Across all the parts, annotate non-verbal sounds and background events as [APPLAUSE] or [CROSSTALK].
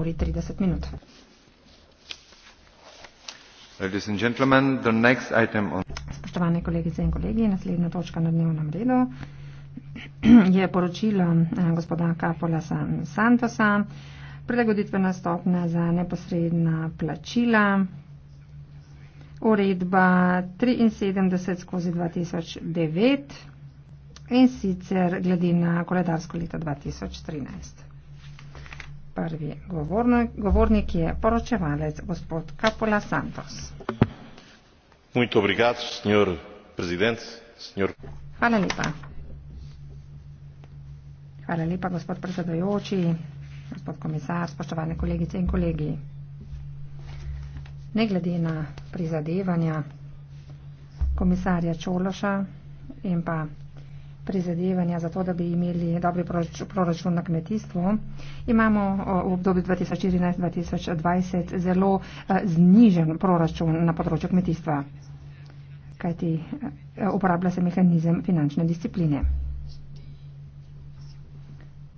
uri 30 minut. Ladies and gentlemen, the next item on... Spoštovane kolegice in kolegi, naslednja točka na dnevnem redu [CLEARS THROAT] je poročilo eh, gospoda Kapola Santosa, prilagoditvena stopnja za neposredna plačila, uredba 73 skozi 2009 in sicer glede na koledarsko leto 2013 prvi govornik, govornik je poročevalec gospod Kapola Santos. Muito obrigado, senhor presidente, senhor... Hvala lepa. Hvala lepa, gospod predsedujoči, gospod komisar, spoštovane kolegice in kolegi. Ne glede na prizadevanja komisarja Čološa in pa prizadevanja za to, da bi imeli dobri proračun na kmetijstvo. Imamo v obdobju 2014-2020 zelo eh, znižen proračun na področju kmetijstva, kajti eh, uporablja se mehanizem finančne discipline.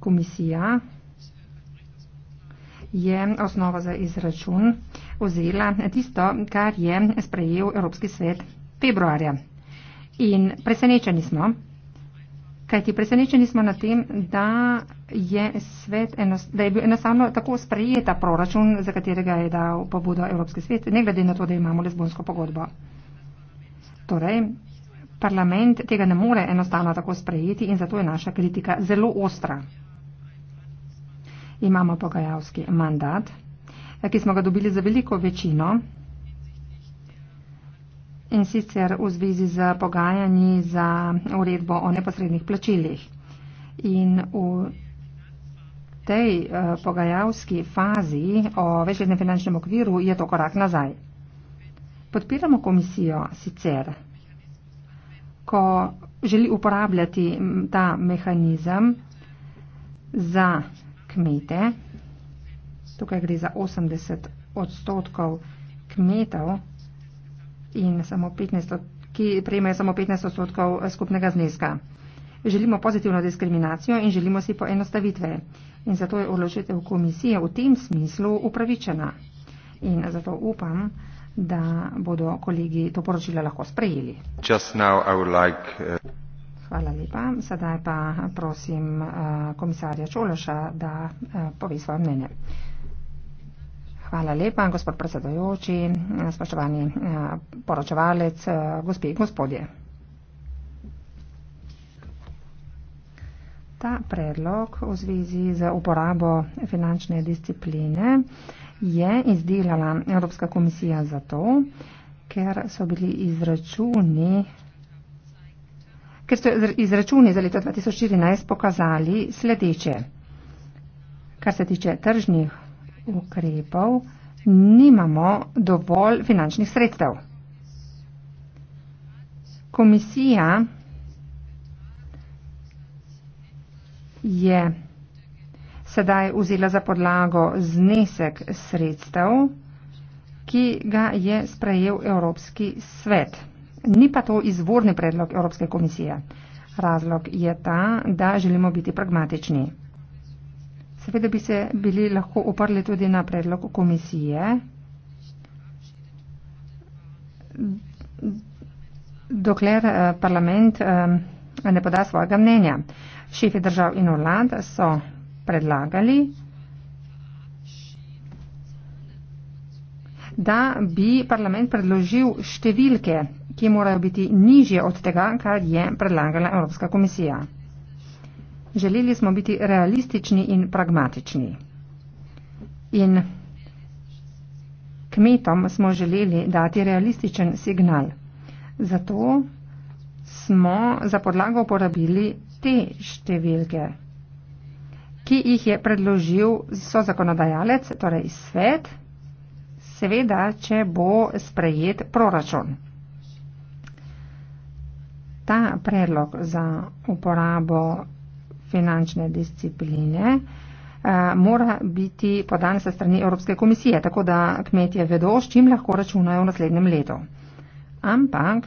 Komisija je osnova za izračun vzela tisto, kar je sprejel Evropski svet februarja. In presenečeni smo, Kajti presenečeni smo na tem, da je, svet enost, da je bil enostavno tako sprejeta proračun, za katerega je dal pobudo Evropski svet, ne glede na to, da imamo lezbonsko pogodbo. Torej, parlament tega ne more enostavno tako sprejeti in zato je naša kritika zelo ostra. Imamo pogajalski mandat, ki smo ga dobili za veliko večino in sicer v zvezi z pogajanji za uredbo o neposrednih plačilih. In v tej eh, pogajalski fazi o večletnem finančnem okviru je to korak nazaj. Podpiramo komisijo sicer, ko želi uporabljati ta mehanizem za kmete. Tukaj gre za 80 odstotkov kmetov in samo 15, ki prejmejo samo 15 odstotkov eh, skupnega zneska. Želimo pozitivno diskriminacijo in želimo si poenostavitve. In zato je odločitev komisije v tem smislu upravičena. In zato upam, da bodo kolegi to poročilo lahko sprejeli. Like, uh... Hvala lepa. Sedaj pa prosim uh, komisarja Čološa, da uh, pove svoje mnenje. Hvala lepa, gospod predsedojoči, spoštovani eh, poročevalec, eh, gospi in gospodje. Ta predlog v zvezi z uporabo finančne discipline je izdelala Evropska komisija zato, ker so bili izračuni ker so izračuni za leto 2014 pokazali sledeče, kar se tiče tržnih ukrepov, nimamo dovolj finančnih sredstev. Komisija je sedaj vzela za podlago znesek sredstev, ki ga je sprejel Evropski svet. Ni pa to izvorni predlog Evropske komisije. Razlog je ta, da želimo biti pragmatični. Seveda bi se bili lahko oprli tudi na predlog komisije, dokler eh, parlament eh, ne poda svojega mnenja. Šefi držav in vlad so predlagali, da bi parlament predložil številke, ki morajo biti nižje od tega, kar je predlagala Evropska komisija. Želeli smo biti realistični in pragmatični. In kmetom smo želeli dati realističen signal. Zato smo za podlago uporabili te številke, ki jih je predložil so zakonodajalec, torej svet, seveda, če bo sprejet proračun. Ta predlog za uporabo finančne discipline, eh, mora biti podan se strani Evropske komisije, tako da kmetje vedo, s čim lahko računajo v naslednjem letu. Ampak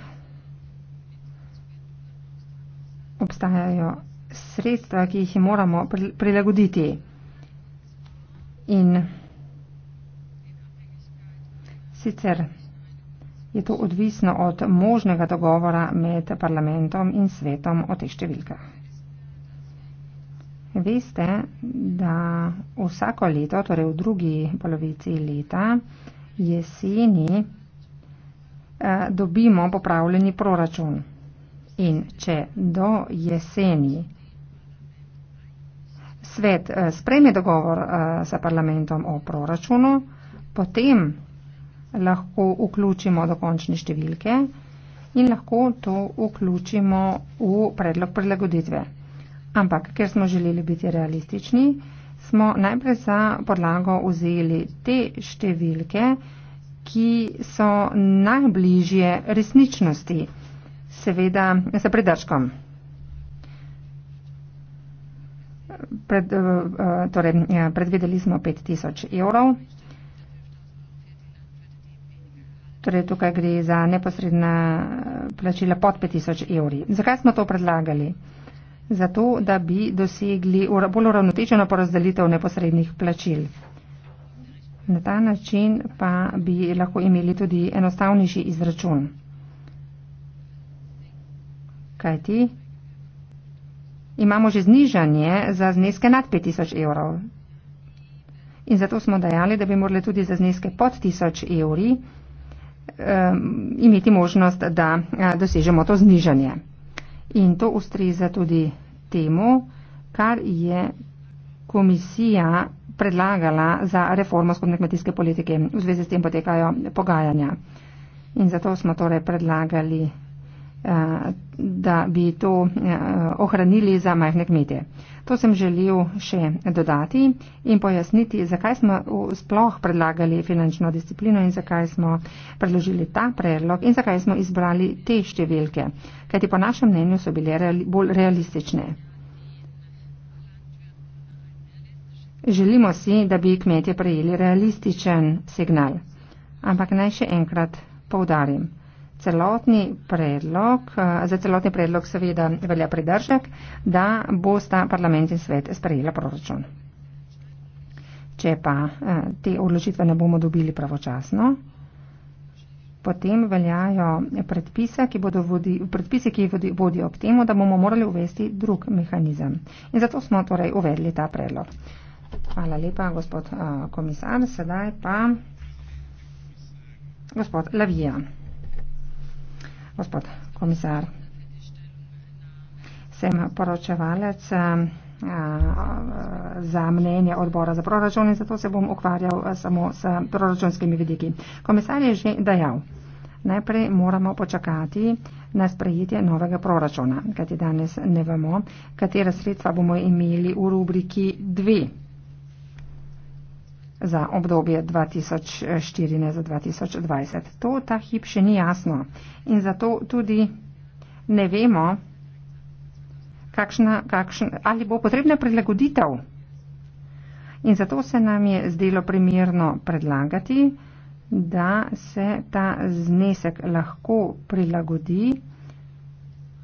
obstajajo sredstva, ki jih moramo prilagoditi. In sicer je to odvisno od možnega dogovora med parlamentom in svetom o teh številkah. Veste, da vsako leto, torej v drugi polovici leta, jeseni, eh, dobimo popravljeni proračun. In če do jeseni svet eh, spreme dogovor eh, sa parlamentom o proračunu, potem lahko vključimo dokončne številke in lahko to vključimo v predlog prilagoditve. Ampak, ker smo želeli biti realistični, smo najprej za podlago vzeli te številke, ki so najbližje resničnosti, seveda s predrškom. Pred, eh, torej, ja, predvideli smo 5000 evrov. Torej, tukaj gre za neposredna eh, plačila pod 5000 evri. Zakaj smo to predlagali? zato da bi dosegli bolj uravnotečeno porazdelitev neposrednih plačil. Na ta način pa bi lahko imeli tudi enostavnejši izračun. Kaj ti? Imamo že znižanje za zneske nad 5000 evrov. In zato smo dejali, da bi morali tudi za zneske pod 1000 evri um, imeti možnost, da eh, dosežemo to znižanje. In to ustreza tudi temu, kar je komisija predlagala za reformo skupne kmetijske politike. V zvezi s tem potekajo pogajanja. In zato smo torej predlagali Eh, da bi to eh, ohranili za majhne kmetije. To sem želel še dodati in pojasniti, zakaj smo sploh predlagali finančno disciplino in zakaj smo predložili ta predlog in zakaj smo izbrali te številke, kajti po našem mnenju so bile bolj realistične. Želimo si, da bi kmetje prejeli realističen signal. Ampak naj še enkrat poudarim celotni predlog, eh, za celotni predlog seveda velja pridržek, da bosta parlament in svet sprejela proračun. Če pa eh, te odločitve ne bomo dobili pravočasno, potem veljajo predpise, ki bodo vodi, predpise, ki vodi, vodijo ob temu, da bomo morali uvesti drug mehanizem. In zato smo torej uvedli ta predlog. Hvala lepa, gospod eh, komisar. Sedaj pa gospod Lavija gospod komisar. Sem poročevalec eh, za mnenje odbora za proračun in zato se bom ukvarjal eh, samo s proračunskimi vidiki. Komisar je že dejal, najprej moramo počakati na sprejetje novega proračuna, kajti danes ne vemo, katera sredstva bomo imeli v rubriki 2 za obdobje 2014-2020. To ta hip še ni jasno in zato tudi ne vemo, kakšna, kakšna, ali bo potrebna prilagoditev. In zato se nam je zdelo primirno predlagati, da se ta znesek lahko prilagodi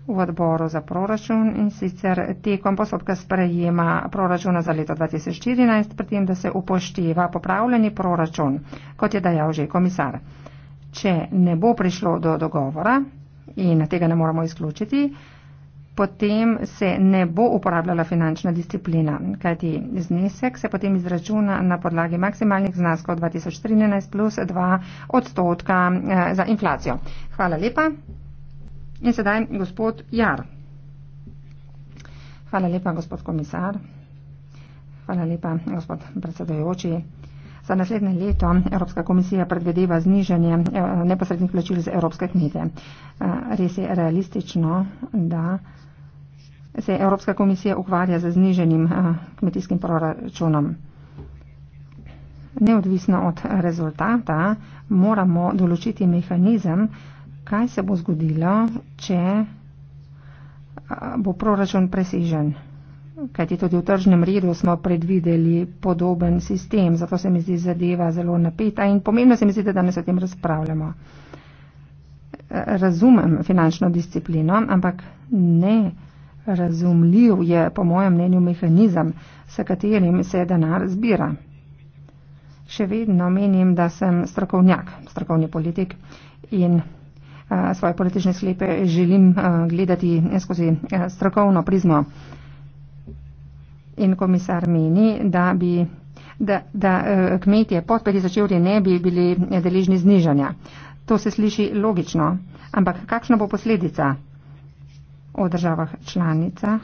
v odboru za proračun in sicer tekom postopka sprejema proračuna za leto 2014, pri tem, da se upošteva popravljeni proračun, kot je dejal že komisar. Če ne bo prišlo do dogovora in tega ne moramo izključiti, potem se ne bo uporabljala finančna disciplina, kajti znesek se potem izračuna na podlagi maksimalnih znaskov 2013 plus 2 odstotka eh, za inflacijo. Hvala lepa. In sedaj gospod Jar. Hvala lepa, gospod komisar. Hvala lepa, gospod predsedojoči. Za naslednje leto Evropska komisija predvedeva znižanje eh, neposrednih plačil za evropske kmete. Eh, res je realistično, da se Evropska komisija ukvarja za zniženim eh, kmetijskim proračunom. Neodvisno od rezultata moramo določiti mehanizem, kaj se bo zgodilo, če bo proračun presežen. Kajti tudi v tržnem redu smo predvideli podoben sistem, zato se mi zdi zadeva zelo napeta in pomembno se mi zdi, da danes o tem razpravljamo. Razumem finančno disciplino, ampak ne razumljiv je po mojem mnenju mehanizem, s katerim se denar zbira. Še vedno menim, da sem strokovnjak, strokovni politik in. Eh, svoje politične sklepe želim eh, gledati eh, skozi strokovno prizmo. In komisar meni, da bi da, da kmetje pod 50 evri ne bi bili deležni znižanja. To se sliši logično, ampak kakšna bo posledica v državah članicah?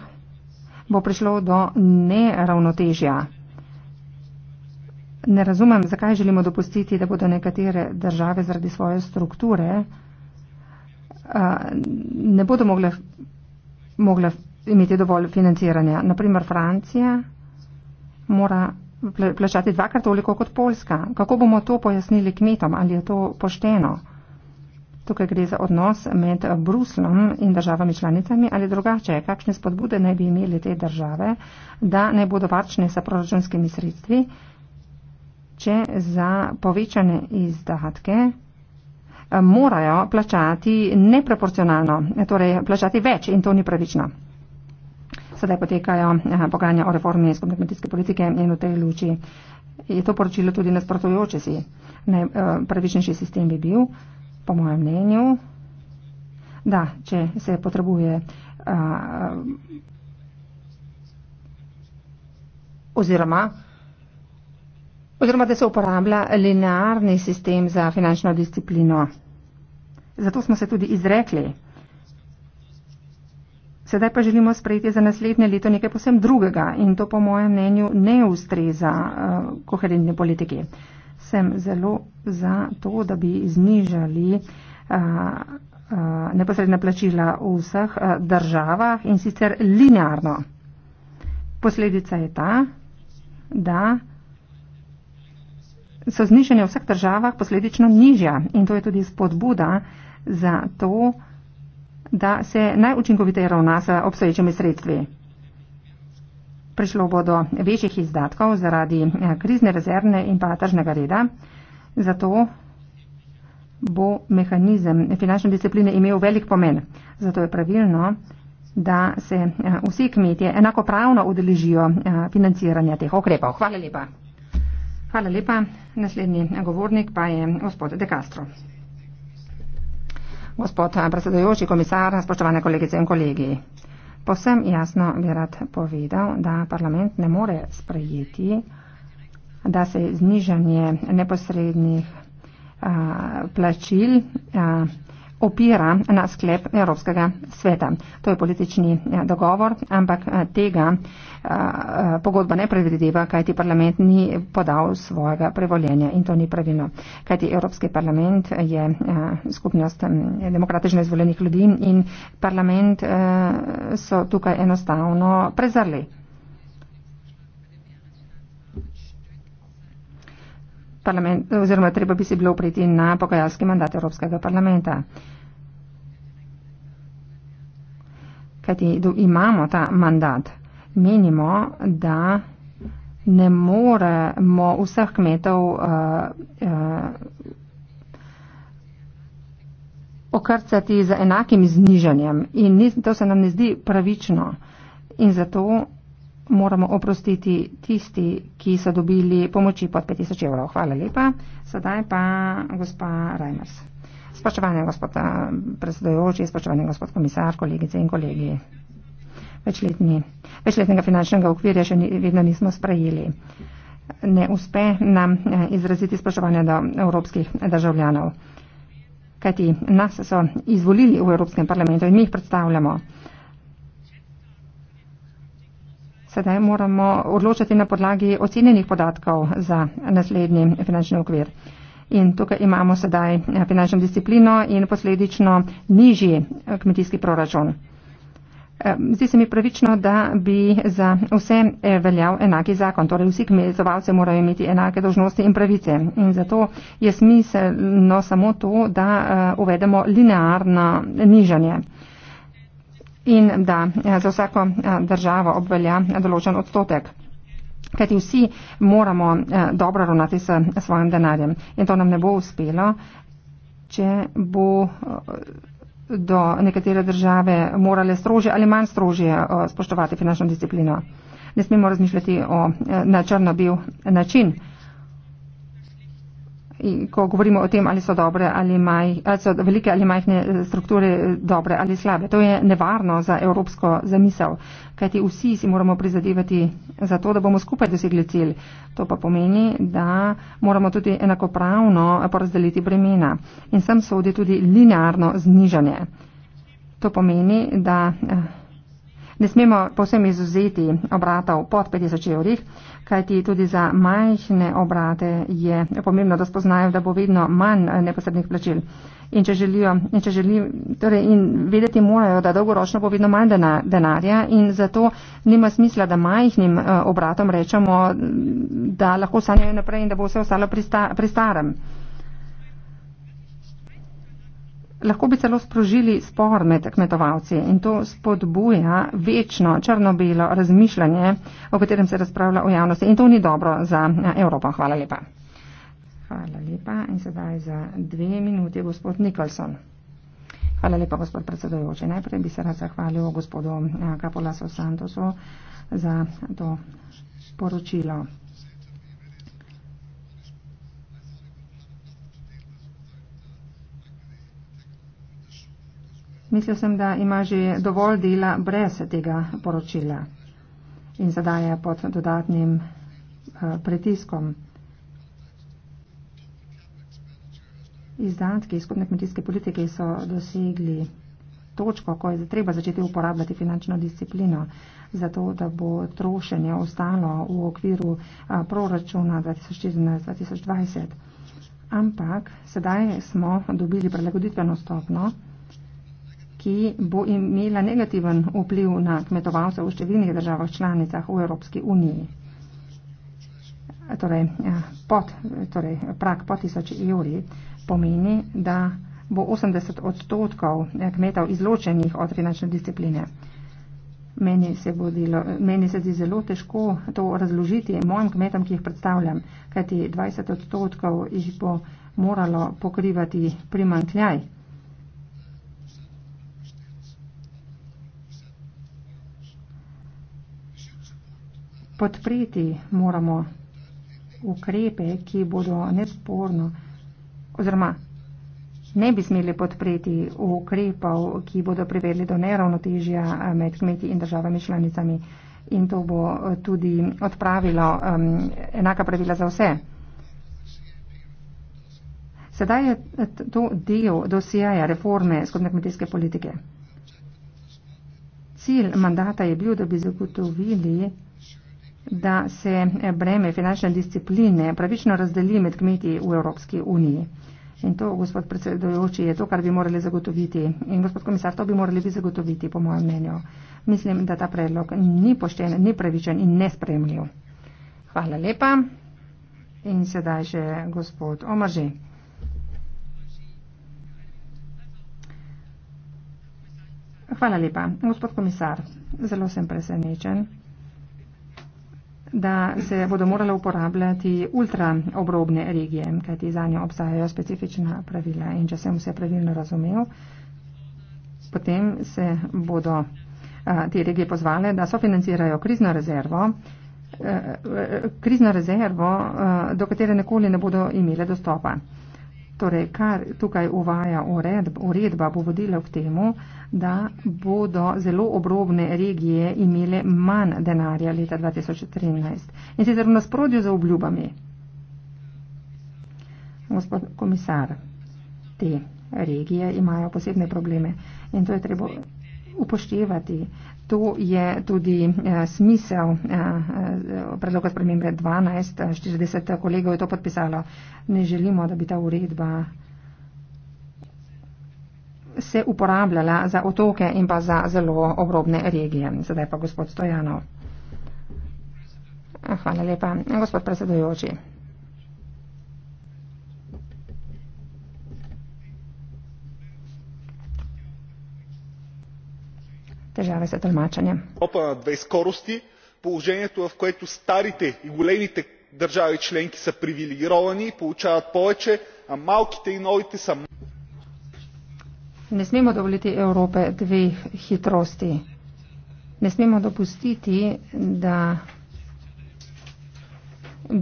Bo prišlo do neravnotežja. Ne razumem, zakaj želimo dopustiti, da bodo nekatere države zaradi svoje strukture ne bodo mogle, mogle imeti dovolj financiranja. Naprimer, Francija mora plačati dvakrat toliko kot Poljska. Kako bomo to pojasnili kmetom? Ali je to pošteno? Tukaj gre za odnos med Bruslom in državami članicami ali drugače. Kakšne spodbude naj bi imeli te države, da ne bodo varčne sa proračunskimi sredstvi, če za povečane izdatke morajo plačati neproporcionalno, torej plačati več in to ni pravično. Sedaj potekajo pogajanja o reformi skupne kmetijske politike in v tej luči je to poročilo tudi nasprotujoče si. Najpravičnejši sistem bi bil, po mojem mnenju, da če se potrebuje oziroma. Oziroma, da se uporablja linearni sistem za finančno disciplino. Zato smo se tudi izrekli. Sedaj pa želimo sprejeti za naslednje leto nekaj posem drugega in to po mojem mnenju ne ustreza uh, koherentni politiki. Sem zelo za to, da bi znižali uh, uh, neposredna plačila v vseh uh, državah in sicer linearno. Posledica je ta, da so znižene v vseh državah posledično nižja in to je tudi spodbuda za to, da se najučinkoviteje ravna z obstoječimi sredstvi. Prišlo bo do večjih izdatkov zaradi eh, krizne rezervne in pa tržnega reda, zato bo mehanizem finančne discipline imel velik pomen. Zato je pravilno, da se eh, vsi kmetje enakopravno udeležijo eh, financiranja teh okrepov. Hvala lepa. Hvala lepa. Naslednji govornik pa je gospod De Castro. Gospod eh, predsedujoči komisar, spoštovane kolegice in kolegi. Posem jasno bi rad povedal, da parlament ne more sprejeti, da se znižanje neposrednih a, eh, plačil a, eh, opira na sklep Evropskega sveta. To je politični ja, dogovor, ampak eh, tega eh, eh, pogodba ne predvideva, kajti parlament ni podal svojega prevoljenja in to ni pravilno. Kajti Evropski parlament je skupnost demokratično izvoljenih ljudi in parlament so tukaj enostavno prezrli. parlament, oziroma treba bi se bilo opreti na pogajalski mandat Evropskega parlamenta. Kajti imamo ta mandat. Menimo, da ne moremo vseh kmetov uh, uh, okrcati z enakim znižanjem. In ni, to se nam ne zdi pravično. In zato moramo oprostiti tisti, ki so dobili pomoči pod 5000 evrov. Hvala lepa. Sedaj pa gospa Reimers. Spoštovane gospod eh, predsedojoči, spoštovane gospod komisar, kolegice in kolegi. Večletni, večletnega finančnega okvirja še ni, vedno nismo sprejeli. Ne uspe nam eh, izraziti spoštovanja do evropskih državljanov. Kajti nas so izvolili v Evropskem parlamentu in mi jih predstavljamo. sedaj moramo odločati na podlagi ocenjenih podatkov za naslednji finančni okvir. In tukaj imamo sedaj eh, finančno disciplino in posledično nižji eh, kmetijski proračun. Eh, zdi se mi pravično, da bi za vse veljal enaki zakon. Torej vsi kmetovalci morajo imeti enake dožnosti in pravice. In zato je smiselno samo to, da uvedemo linearno nižanje in da eh, za vsako eh, državo obvelja eh, določen odstotek. Kajti vsi moramo dobro ravnati s svojim denarjem in to nam ne bo uspelo, če bo do nekatere države morale strožje ali manj strožje spoštovati finančno disciplino. Ne smemo razmišljati o načrno bil način in ko govorimo o tem, ali so, dobre, ali, maj, ali so velike ali majhne eh, strukture eh, dobre ali slabe. To je nevarno za evropsko zamisel, kajti vsi si moramo prizadevati za to, da bomo skupaj dosegli cilj. To pa pomeni, da moramo tudi enakopravno porazdeliti bremena in sem sodi tudi linearno znižanje. To pomeni, da. Eh, ne smemo povsem izuzeti obratov pod 50 evrih, kajti tudi za majhne obrate je pomembno, da spoznajo, da bo vedno manj eh, neposrednih plačil. In če želijo, in če želijo, torej in vedeti morajo, da dolgoročno bo vedno manj denarja in zato nima smisla, da majhnim eh, obratom rečemo, da lahko sanjajo naprej in da bo vse ostalo pri starem. Prista lahko bi celo sprožili spor med kmetovalci in to spodbuja večno črno-belo razmišljanje, o katerem se razpravlja v javnosti in to ni dobro za eh, Evropo. Hvala lepa. Hvala lepa in sedaj za dve minuti gospod Nikolson. Hvala lepa, gospod predsedojoči. Najprej bi se rad zahvalil gospodu eh, Kapolaso Santosu za to poročilo. Mislil sem, da ima že dovolj dela brez tega poročila in sedaj je pod dodatnim eh, pritiskom. Izdatki skupne kmetijske politike so dosegli točko, ko je treba začeti uporabljati finančno disciplino, zato da bo trošenje ostalo v okviru eh, proračuna 2014-2020. Ampak sedaj smo dobili prelagoditveno stopno ki bo imela negativen vpliv na kmetovalce v številnih državah članicah v Evropski uniji. Torej, eh, pod, torej, prak po tisoč evri pomeni, da bo 80 odstotkov eh, kmetov izločenih od finančne discipline. Meni se, bodilo, meni se zdi zelo težko to razložiti mojim kmetom, ki jih predstavljam, kajti 20 odstotkov jih bo moralo pokrivati primankljaj. podpreti moramo ukrepe, ki bodo nesporno oziroma ne bi smeli podpreti ukrepov, ki bodo privedli do neravnotežja eh, med kmeti in državami članicami in to bo eh, tudi odpravilo um, enaka pravila za vse. Sedaj je eh, to del dosijaja reforme skupne kmetijske politike. Cilj mandata je bil, da bi zagotovili da se breme finančne discipline pravično razdeli med kmeti v Evropski uniji. In to, gospod predsedujoči, je to, kar bi morali zagotoviti. In gospod komisar, to bi morali vi zagotoviti, po mojem mnenju. Mislim, da ta predlog ni pošten, ni pravičen in nespremljiv. Hvala lepa. In sedaj še gospod Omaži. Hvala lepa. Gospod komisar, zelo sem presenečen da se bodo morale uporabljati ultraobrobne regije, kajti za njo obstajajo specifična pravila. In če sem vse pravilno razumel, potem se bodo te regije pozvale, da sofinancirajo krizno rezervo, e, e, krizno rezervo, e, do katere nikoli ne bodo imele dostopa. Torej, kar tukaj uvaja uredba, uredba bo vodila k temu, da bodo zelo obrobne regije imele manj denarja leta 2013. In sicer v nasprotju za obljubami. Gospod komisar, te regije imajo posebne probleme in to je treba upoštevati to je tudi eh, smisel eh, eh, predloga spremembe 12. 40 kolegov je to podpisalo. Ne želimo, da bi ta uredba se uporabljala za otoke in pa za zelo obrobne regije. Sedaj pa gospod Stojanov. Hvala lepa. Gospod predsedujoči. държава за тълмачане. Опа на две скорости, положението в което старите и големите държави членки са привилегировани и получават повече, а малките и новите са. Не смемо доволити Европе две хитрости. Не смемо допустити да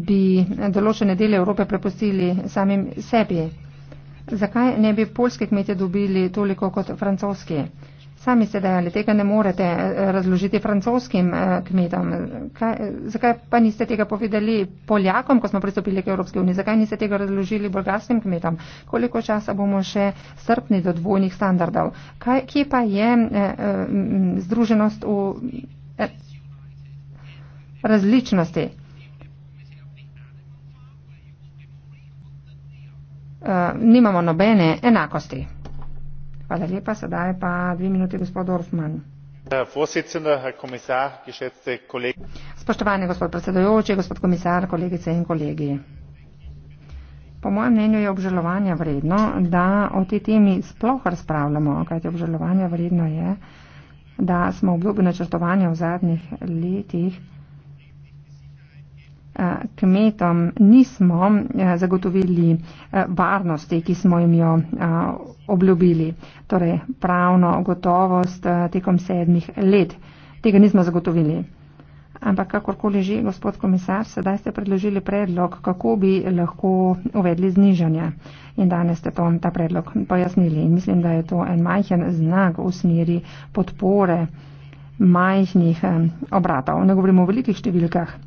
bi določene dele Evrope prepustili samim sebi. Zakaj ne bi polske kmete dobili toliko kot francoski? sami ste dejali, tega ne morete eh, razložiti francoskim eh, kmetom. Kaj, eh, zakaj pa niste tega povedali Poljakom, ko smo pristopili k Evropski uniji? Zakaj niste tega razložili bolgarskim kmetom? Koliko časa bomo še srpni do dvojnih standardov? Kaj, kje pa je eh, združenost v eh, različnosti? Uh, nimamo nobene enakosti. Hvala lepa. Sedaj je pa dve minuti gospod Dorfman. Spoštovani gospod predsedujoči, gospod komisar, kolegice in kolegi. Po mojem mnenju je obžalovanja vredno, da o tej temi sploh razpravljamo, kajti obžalovanja vredno je, da smo obljubi načrtovanja v zadnjih letih Eh, kmetom nismo eh, zagotovili eh, varnosti, ki smo jim jo obljubili, torej pravno gotovost tekom sedmih let. Tega nismo zagotovili. Ampak kakorkoli že, gospod komisar, sedaj ste predložili predlog, kako bi lahko uvedli znižanje. In danes ste to, ta predlog pojasnili. In mislim, da je to en majhen znak v smeri podpore majhnih obratov. Ne govorimo o velikih številkah.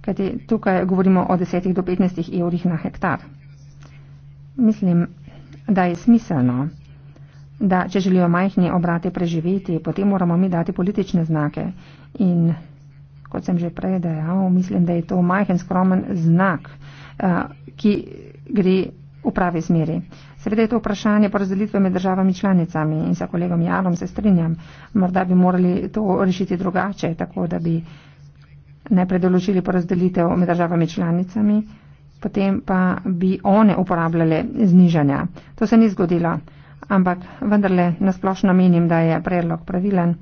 kajti tukaj govorimo o 10 do 15 evrih na hektar. Mislim, da je smiselno, da če želijo majhni obrate preživeti, potem moramo mi dati politične znake. In kot sem že prej dejal, mislim, da je to majhen skromen znak, eh, ki gre v pravi smeri. Seveda je to vprašanje porazdelitve med državami članicami in sa kolegom Jarom se strinjam. Morda bi morali to rešiti drugače, tako da bi najprej določili porazdelitev med državami članicami, potem pa bi one uporabljale znižanja. To se ni zgodilo, ampak vendarle nasplošno menim, da je predlog pravilen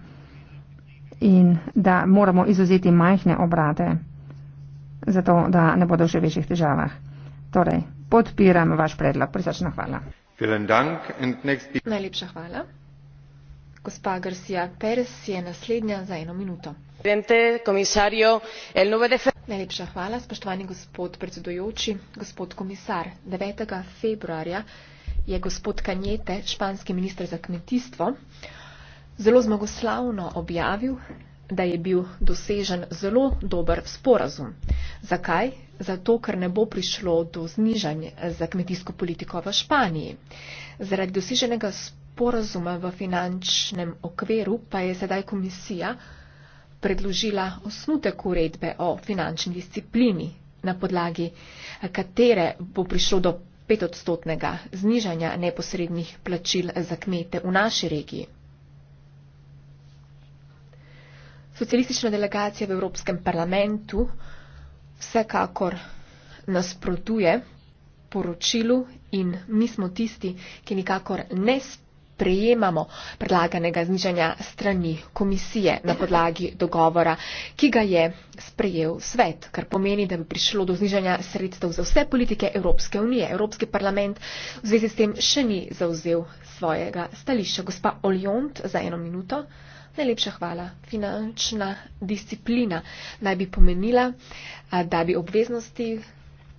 in da moramo izuzeti majhne obrate, zato da ne bodo v še večjih težavah. Torej, podpiram vaš predlog. Prisačna hvala. Najlepša hvala. Gospa Garcia Perez je naslednja za eno minuto. Najlepša hvala, spoštovani gospod predsedujoči, gospod komisar. 9. februarja je gospod Kanjete, španski minister za kmetijstvo, zelo zmagoslavno objavil, da je bil dosežen zelo dober sporazum. Zakaj? Zato, ker ne bo prišlo do znižanja za kmetijsko politiko v Španiji. Zaradi doseženega sporazuma sporazuma v finančnem okviru pa je sedaj komisija predložila osnutek uredbe o finančni disciplini, na podlagi eh, katere bo prišlo do petodstotnega znižanja neposrednih plačil za kmete v naši regiji. Socialistična delegacija v Evropskem parlamentu vsekakor nasprotuje poročilu in mi smo tisti, ki nikakor ne spremljamo sprejemamo predlaganega znižanja strani komisije na podlagi dogovora, ki ga je sprejel svet, kar pomeni, da bi prišlo do znižanja sredstev za vse politike Evropske unije. Evropski parlament v zvezi s tem še ni zauzel svojega stališča. Gospa Oljont, za eno minuto. Najlepša hvala. Finančna disciplina naj bi pomenila, da bi obveznosti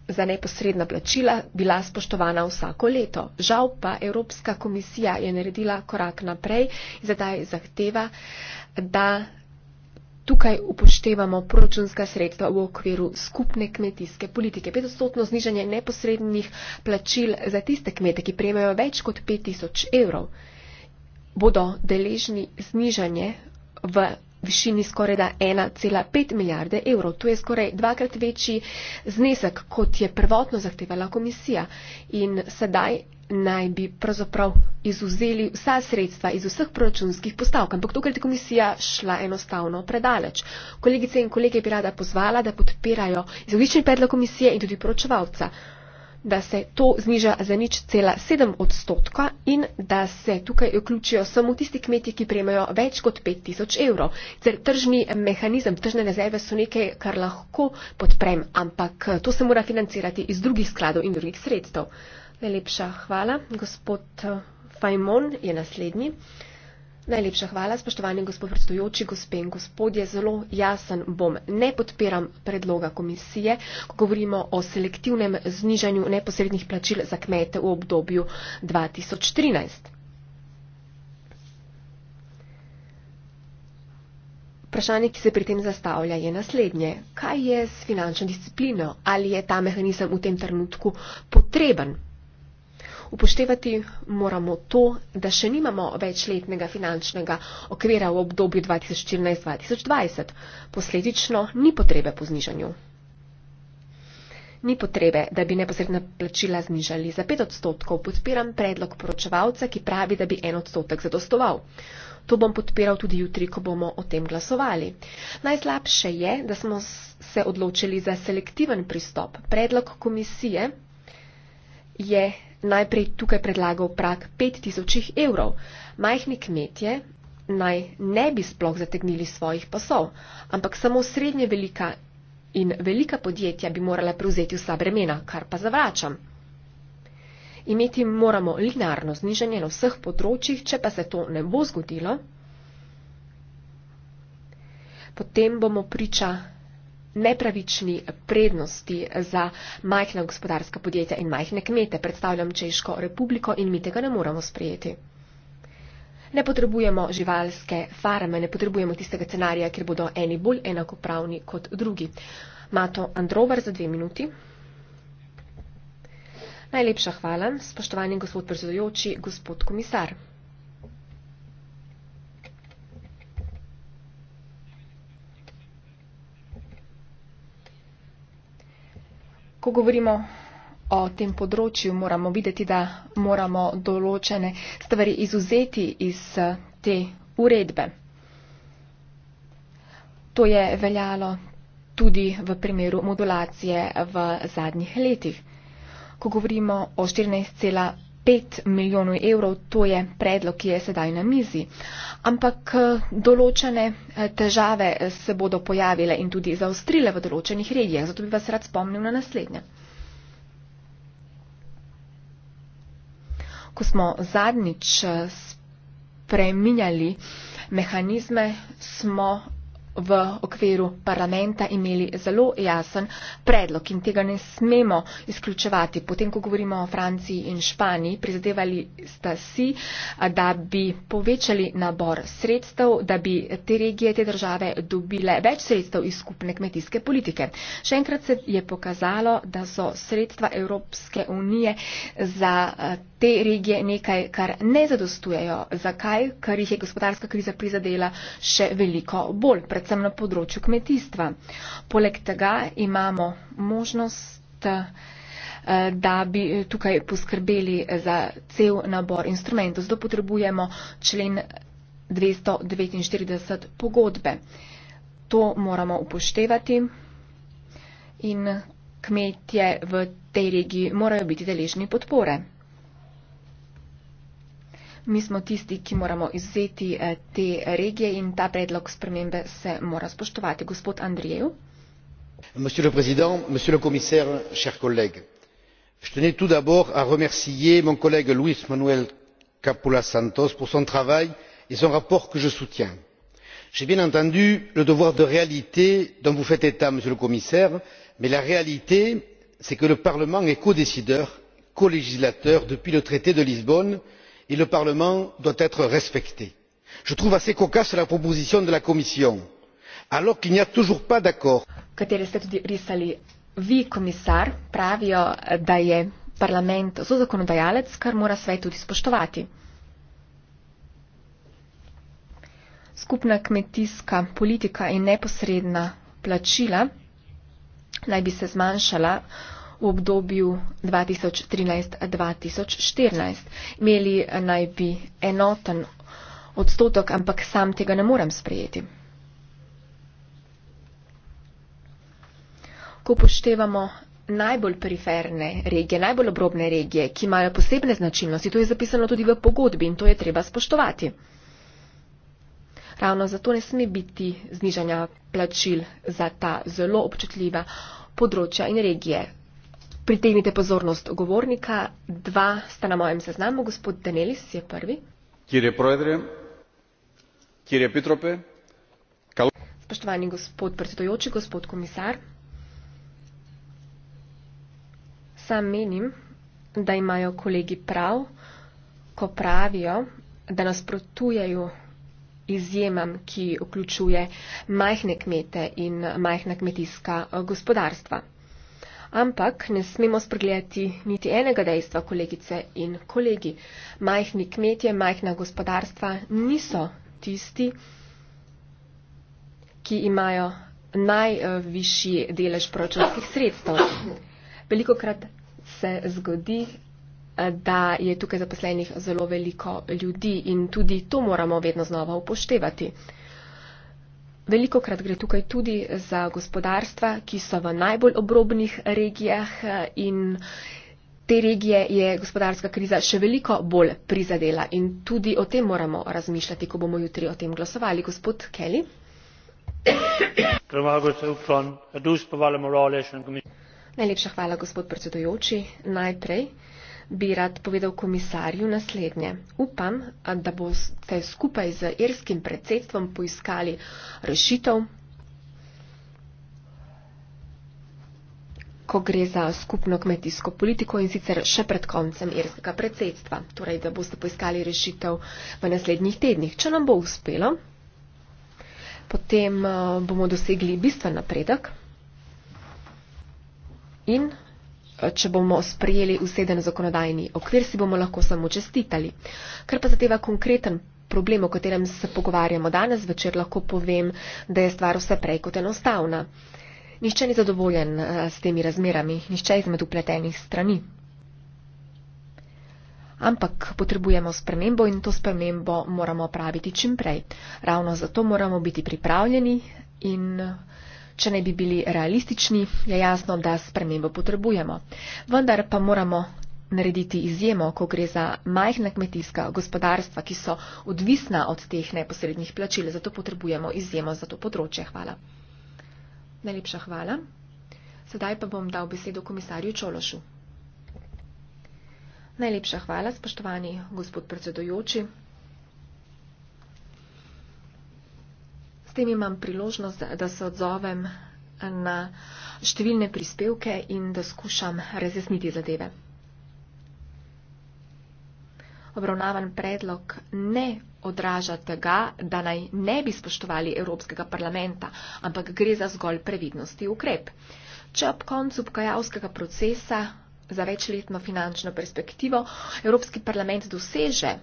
za neposredna plačila bila spoštovana vsako leto. Žal pa Evropska komisija je naredila korak naprej in zdaj zahteva, da tukaj upoštevamo proračunska sredstva v okviru skupne kmetijske politike. 500-stotno znižanje neposrednih plačil za tiste kmete, ki prejemajo več kot 5000 evrov, bodo deležni znižanje v višini skoraj da 1,5 milijarde evrov. To je skoraj dvakrat večji znesek, kot je prvotno zahtevala komisija. In sedaj naj bi pravzaprav izuzeli vsa sredstva iz vseh proračunskih postavk. Ampak tukaj je komisija šla enostavno predaleč. Kolegice in kolege bi rada pozvala, da podpirajo izogličen predlog komisije in tudi poročevalca da se to zniža za nič cela sedem odstotka in da se tukaj vključijo samo tisti kmetje, ki prejmejo več kot 5000 evrov. Ker tržni mehanizem, tržne rezerve so nekaj, kar lahko podprem, ampak eh, to se mora financirati iz drugih skladov in drugih sredstev. Najlepša hvala. Gospod eh, Fajmon je naslednji. Najlepša hvala, spoštovani gospod predstojoči, gospe in gospodje. Zelo jasen bom. Ne podpiram predloga komisije, ko govorimo o selektivnem znižanju neposrednih plačil za kmete v obdobju 2013. Vprašanje, ki se pri tem zastavlja, je naslednje. Kaj je s finančno disciplino? Ali je ta mehanizem v tem trenutku potreben? Upoštevati moramo to, da še nimamo večletnega finančnega okvira v obdobju 2014-2020. Posledično ni potrebe po znižanju. Ni potrebe, da bi neposredna plačila znižali za 5 odstotkov. Podpiram predlog poročevalca, ki pravi, da bi en odstotek zadostoval. To bom podpiral tudi jutri, ko bomo o tem glasovali. Najslabše je, da smo se odločili za selektiven pristop. Predlog komisije je najprej tukaj predlagal prak 5000 evrov. Majhni kmetje naj ne bi sploh zategnili svojih pasov, ampak samo srednje velika in velika podjetja bi morala prevzeti vsa bremena, kar pa zavračam. Imeti moramo linarno znižanje na vseh področjih, če pa se to ne bo zgodilo, potem bomo priča nepravični prednosti za majhna gospodarska podjetja in majhne kmete. Predstavljam Češko republiko in mi tega ne moramo sprejeti. Ne potrebujemo živalske farme, ne potrebujemo tistega scenarija, kjer bodo eni bolj enakopravni kot drugi. Mato Androvar za dve minuti. Najlepša hvala, spoštovani gospod predsedujoči, gospod komisar. ko govorimo o tem področju, moramo videti, da moramo določene stvari izuzeti iz te uredbe. To je veljalo tudi v primeru modulacije v zadnjih letih. Ko govorimo o 5 milijonov evrov, to je predlog, ki je sedaj na mizi. Ampak eh, določene eh, težave eh, se bodo pojavile in tudi zaostrile v določenih regijah, zato bi vas rad spomnil na naslednje. Ko smo zadnjič spreminjali mehanizme, smo v okviru parlamenta imeli zelo jasen predlog in tega ne smemo izključevati. Potem, ko govorimo o Franciji in Španiji, prizadevali sta si, da bi povečali nabor sredstev, da bi te regije, te države dobile več sredstev iz skupne kmetijske politike. Še enkrat se je pokazalo, da so sredstva Evropske unije za eh, te regije nekaj, kar ne zadostujejo. Zakaj? Ker jih je gospodarska kriza prizadela še veliko bolj predvsem na področju kmetijstva. Poleg tega imamo možnost, eh, da bi eh, tukaj poskrbeli za cel nabor instrumentov. Zato potrebujemo člen 249 pogodbe. To moramo upoštevati in kmetje v tej regiji morajo biti deležni podpore mi smo tisti, ki moramo izzeti eh, te regije in ta predlog spremembe se mora spoštovati. Gospod Andrijev. Monsieur le Président, Monsieur le Commissaire, chers collègues, je tenais tout d'abord à remercier mon collègue Luis Manuel Capula Santos pour son travail et son rapport que je soutiens. J'ai bien entendu le devoir de réalité dont vous faites état, Monsieur le Commissaire, mais la réalité, c'est que le Parlement est codécideur, colégislateur depuis le traité de Lisbonne, et le parlement doit être respecté. je trouve assez cocasse la proposition de la commission alors qu'il n'y a toujours pas d'accord kateri ste tudi risali vi komisar pravijo da je parlament sozakonodajalec kar mora svet tudi spoštovati. skupna kmetijska politika in neposredna plačila naj bi se zmanjšala v obdobju 2013-2014. Imeli naj bi enoten odstotek, ampak sam tega ne morem sprejeti. Ko poštevamo najbolj periferne regije, najbolj obrobne regije, ki imajo posebne značilnosti, to je zapisano tudi v pogodbi in to je treba spoštovati. Ravno zato ne sme biti znižanja plačil za ta zelo občutljiva področja in regije. Pritegnite pozornost govornika. Dva sta na mojem seznamu. Gospod Danelis je prvi. Kjere projedre, kjere pitrope, kal... Spoštovani gospod predsedujoči, gospod komisar. Sam menim, da imajo kolegi prav, ko pravijo, da nasprotujejo izjemam, ki vključuje majhne kmete in majhna kmetijska gospodarstva. Ampak ne smemo spregledati niti enega dejstva, kolegice in kolegi. Majhni kmetje, majhna gospodarstva niso tisti, ki imajo najvišji delež proračunskih sredstev. Veliko krat se zgodi, da je tukaj zaposlenih zelo veliko ljudi in tudi to moramo vedno znova upoštevati. Veliko krat gre tukaj tudi za gospodarstva, ki so v najbolj obrobnih regijah eh, in te regije je gospodarska kriza še veliko bolj prizadela in tudi o tem moramo razmišljati, ko bomo jutri o tem glasovali. Gospod Kelly. Najlepša hvala, gospod predsedujoči. Najprej bi rad povedal komisarju naslednje. Upam, da boste skupaj z irskim predsedstvom poiskali rešitev. ko gre za skupno kmetijsko politiko in sicer še pred koncem irskega predsedstva. Torej, da boste poiskali rešitev v naslednjih tednih. Če nam bo uspelo, potem eh, bomo dosegli bistven napredek in če bomo sprejeli vseden zakonodajni okvir, si bomo lahko samo čestitali. Kar pa zadeva konkreten problem, o katerem se pogovarjamo danes večer, lahko povem, da je stvar vse prej kot enostavna. Nihče ni zadovoljen eh, s temi razmerami, nihče izmed upletenih strani. Ampak potrebujemo spremembo in to spremembo moramo praviti čim prej. Ravno zato moramo biti pripravljeni in Če ne bi bili realistični, je jasno, da spremembo potrebujemo. Vendar pa moramo narediti izjemo, ko gre za majhna kmetijska gospodarstva, ki so odvisna od teh neposrednih plačil. Zato potrebujemo izjemo za to področje. Hvala. Najlepša hvala. Sedaj pa bom dal besedo komisarju Čološu. Najlepša hvala, spoštovani gospod predsedojoči, S tem imam priložnost, da se odzovem na številne prispevke in da skušam razjasniti zadeve. Obravnavan predlog ne odraža tega, da naj ne bi spoštovali Evropskega parlamenta, ampak gre za zgolj previdnosti ukrep. Če ob koncu pokajalskega procesa za večletno finančno perspektivo Evropski parlament doseže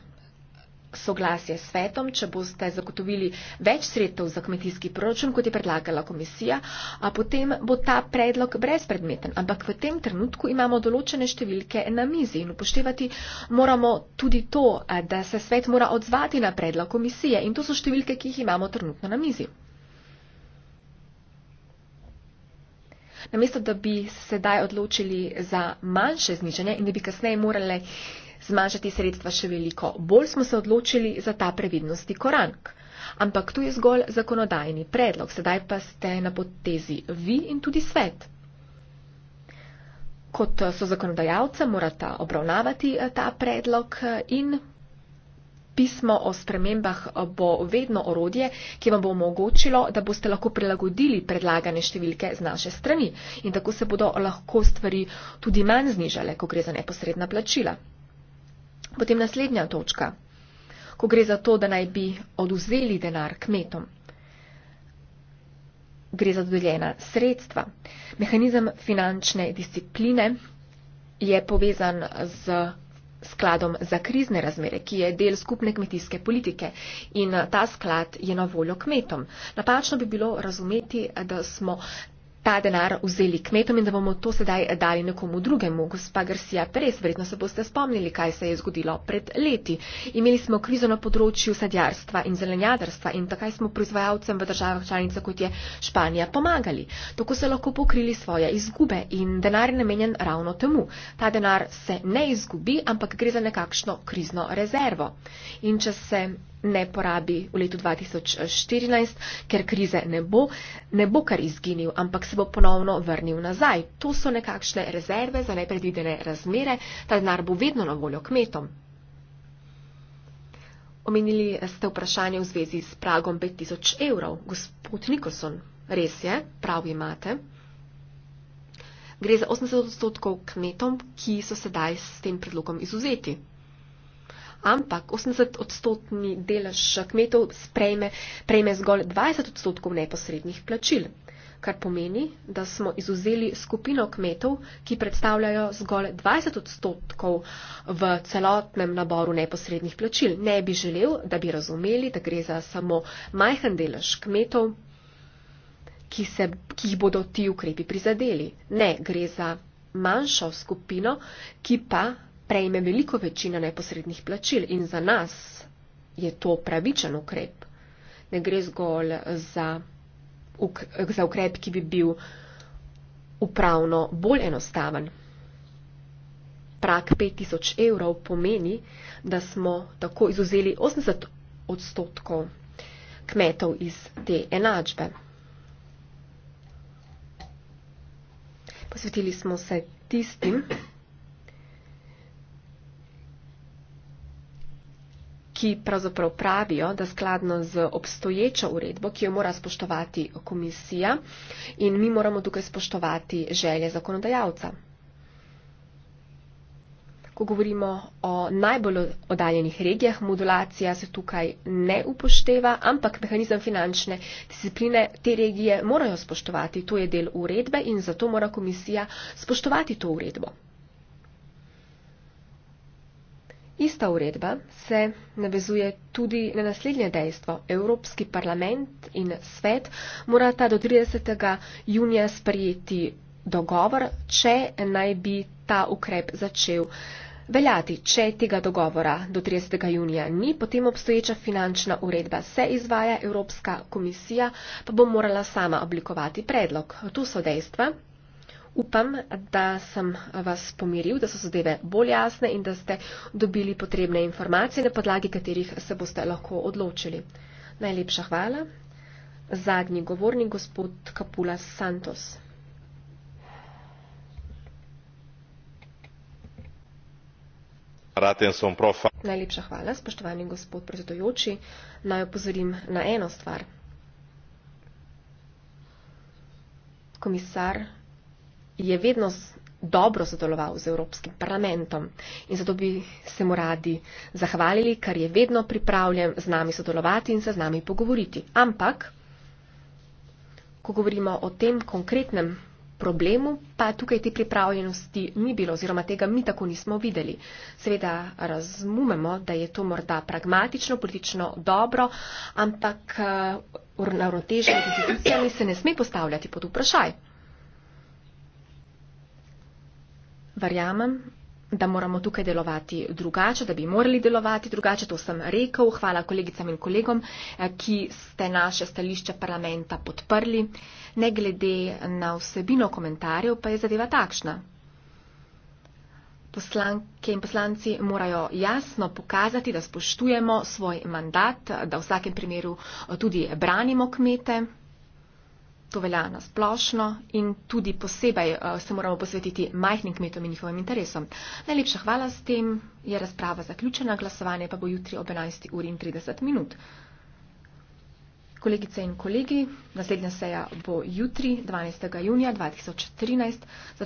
soglasje s svetom, če boste zagotovili več sredstev za kmetijski proračun, kot je predlagala komisija, a potem bo ta predlog brezpredmeten. Ampak v tem trenutku imamo določene številke na mizi in upoštevati moramo tudi to, da se svet mora odzvati na predlog komisije in to so številke, ki jih imamo trenutno na mizi. Namesto, da bi se sedaj odločili za manjše znižanje in da bi kasneje morali zmanjšati sredstva še veliko bolj, smo se odločili za ta previdnosti korank. Ampak tu je zgolj zakonodajni predlog, sedaj pa ste na potezi vi in tudi svet. Kot so zakonodajalce, morata obravnavati eh, ta predlog eh, in pismo o spremembah bo vedno orodje, ki vam bo omogočilo, da boste lahko prilagodili predlagane številke z naše strani in tako se bodo lahko stvari tudi manj znižale, ko gre za neposredna plačila. Potem naslednja točka, ko gre za to, da naj bi oduzeli denar kmetom. Gre za dodeljena sredstva. Mehanizem finančne discipline je povezan z skladom za krizne razmere, ki je del skupne kmetijske politike in ta sklad je na voljo kmetom. Napačno bi bilo razumeti, da smo ta denar vzeli kmetom in da bomo to sedaj dali nekomu drugemu. Gospa Garcia Perez, verjetno se boste spomnili, kaj se je zgodilo pred leti. Imeli smo krizo na področju sadjarstva in zelenjadarstva in takaj smo proizvajalcem v državah članica, kot je Španija, pomagali. Tako so lahko pokrili svoje izgube in denar je namenjen ravno temu. Ta denar se ne izgubi, ampak gre za nekakšno krizno rezervo. In če se ne porabi v letu 2014, ker krize ne bo, ne bo kar izginil, ampak se bo ponovno vrnil nazaj. To so nekakšne rezerve za nepredvidene razmere, ta denar bo vedno na voljo kmetom. Omenili ste vprašanje v zvezi s pragom 5000 evrov. Gospod Nikoson, res je, prav imate. Gre za 80 odstotkov kmetom, ki so sedaj s tem predlogom izuzeti ampak 80-odstotni delež kmetov sprejme, prejme zgolj 20 odstotkov neposrednih plačil, kar pomeni, da smo izuzeli skupino kmetov, ki predstavljajo zgolj 20 odstotkov v celotnem naboru neposrednih plačil. Ne bi želel, da bi razumeli, da gre za samo majhen delež kmetov, ki, se, ki jih bodo ti ukrepi prizadeli. Ne, gre za manjšo skupino, ki pa prejme veliko večina neposrednih plačil in za nas je to pravičen ukrep. Ne gre zgolj za, uk, za ukrep, ki bi bil upravno bolj enostaven. Prak 5000 evrov pomeni, da smo tako izuzeli 80 odstotkov kmetov iz te enačbe. Posvetili smo se tistim, ki pravzaprav pravijo, da skladno z obstoječo uredbo, ki jo mora spoštovati komisija in mi moramo tukaj spoštovati želje zakonodajalca. Ko govorimo o najbolj oddaljenih regijah, modulacija se tukaj ne upošteva, ampak mehanizem finančne discipline te regije morajo spoštovati. To je del uredbe in zato mora komisija spoštovati to uredbo. Ista uredba se navezuje tudi na naslednje dejstvo. Evropski parlament in svet morata do 30. junija sprejeti dogovor, če naj bi ta ukrep začel veljati. Če tega dogovora do 30. junija ni, potem obstoječa finančna uredba se izvaja, Evropska komisija pa bo morala sama oblikovati predlog. Tu so dejstva. Upam, da sem vas pomiril, da so zadeve bolj jasne in da ste dobili potrebne informacije, na podlagi katerih se boste lahko odločili. Najlepša hvala. Zadnji govornik, gospod Kapula Santos. Najlepša hvala, spoštovani gospod predsedujoči. Naj opozorim na eno stvar. Komisar je vedno dobro sodeloval z Evropskim parlamentom in zato bi se mu radi zahvalili, ker je vedno pripravljen z nami sodelovati in se z nami pogovoriti. Ampak, ko govorimo o tem konkretnem problemu, pa tukaj te pripravljenosti ni bilo oziroma tega mi tako nismo videli. Seveda razumemo, da je to morda pragmatično, politično dobro, ampak uh, eh, uravnoteženje z institucijami se ne sme postavljati pod vprašaj. verjamem, da moramo tukaj delovati drugače, da bi morali delovati drugače. To sem rekel. Hvala kolegicam in kolegom, eh, ki ste naše stališče parlamenta podprli. Ne glede na vsebino komentarjev, pa je zadeva takšna. Poslanke in poslanci morajo jasno pokazati, da spoštujemo svoj mandat, da v vsakem primeru tudi branimo kmete. To velja na splošno in tudi posebej eh, se moramo posvetiti majhnim kmetom in njihovim interesom. Najlepša hvala s tem. Je razprava zaključena, glasovanje pa bo jutri ob 11. uri in 30 minut. Kolegice in kolegi, naslednja seja bo jutri 12. junija 2013.